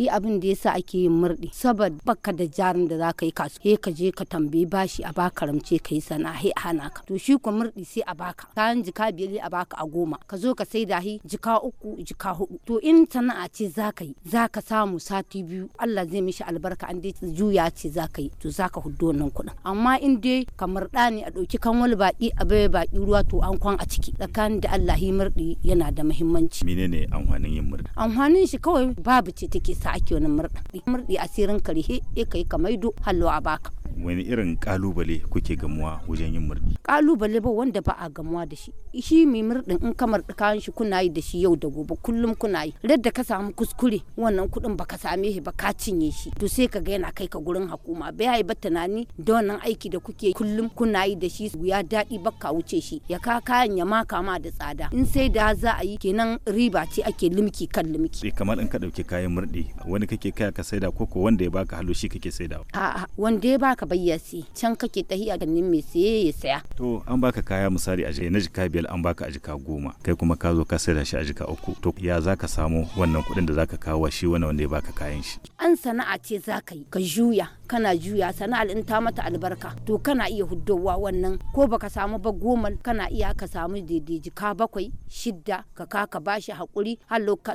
yi abin da yasa ake yin murɗi saboda baka da jarin da za ka yi kasu he ka je ka tambayi bashi a baka ramce ka yi sana'a he a hana ka to shi ko murɗi sai a baka kayan jika biyar a baka a goma ka zo ka sai da hi jika uku jika hudu to in sana'a ce za ka yi za ka samu sati biyu Allah zai mishi albarka an dai juya ce za ka yi to za ka hudu wannan kuɗin amma in dai ka murɗa ne a ɗauki kanwal baki a bai baki ruwa to an kwan a ciki tsakanin da Allah hi murɗi yana da muhimmanci menene amfanin yin murɗi amfanin shi kawai babu ce take sa yasa ake wani murɗi murɗi asirin kare he e kai ka maido hallo a baka wani irin kalubale kuke gamuwa wajen yin murɗi kalubale ba wanda ba a gamuwa da shi shi mai murɗin in kamar kayan shi kuna yi da shi yau da gobe kullum kuna yi da ka samu kuskure wannan kuɗin ka same shi ba ka cinye shi to sai ka ga yana kai ka gurin hukuma bai ba tunani da wannan aiki da kuke kullum kuna yi da shi ya daɗi ka wuce shi ya ka kayan ya maka ma da tsada in sai da za a yi kenan riba ce ake limki kan limki kamar in ka ɗauki kayan murɗi wani kake kaya ka saida ko ko wanda ya baka halo shi kake saidawa a'a wanda ya baka mayyasi can kake tahiya ganin mai siye ya saya to an baka kaya misali a na jika biyar an baka a jika goma kai kuma ka zo ka saida shi a jika uku to ya zaka samu wannan kuɗin da zaka kawo shi wani wanda ya baka kayan shi an sana'a ce zaka yi ka juya kana juya sana'ar in ta mata albarka to kana iya huddowa wannan ko baka samu ba goma kana iya ka samu daidaiji ka bakwai shidda ka ka ka bashi hakuri har ka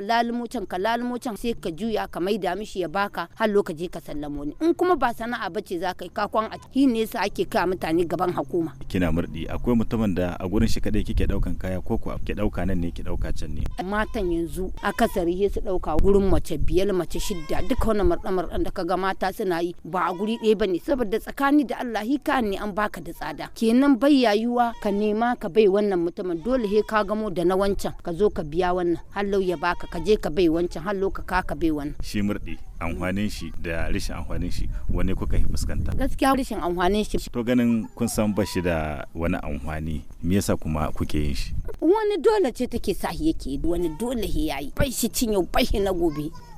ka lalmocin sai ka juya ka mai maida mishi ya baka har lokaci ka sallamo ni in kuma ba sana'a bace za ka yi kakon a shi ne sa ake kawo mutane gaban hukuma kina murdi akwai mutumin da a gurin shi kadai kike daukan kaya ko ku ke dauka nan ne ki dauka can ne matan yanzu akasari sai su dauka gurin mace biyar mace shidda duka wannan mardan mardan da kaga mata suna yi ba a guri ɗaya bane saboda tsakani da Allah hi ka ne an baka da tsada kenan bai yayuwa ka nema ka bai wannan mutumin dole he ka gamo da na wancan ka zo ka biya wannan hallo ya baka ka je ka bai wancan hallo ka ka ka bai wannan shi murdi amfanin shi da rashin amfanin shi wani kuka yi fuskanta gaskiya rashin amfanin shi to ganin kun san ba shi da wani amfani me yasa kuma kuke yin shi wani dole ce take sahi yake wani dole he yayi bai shi cinyo bai na gobe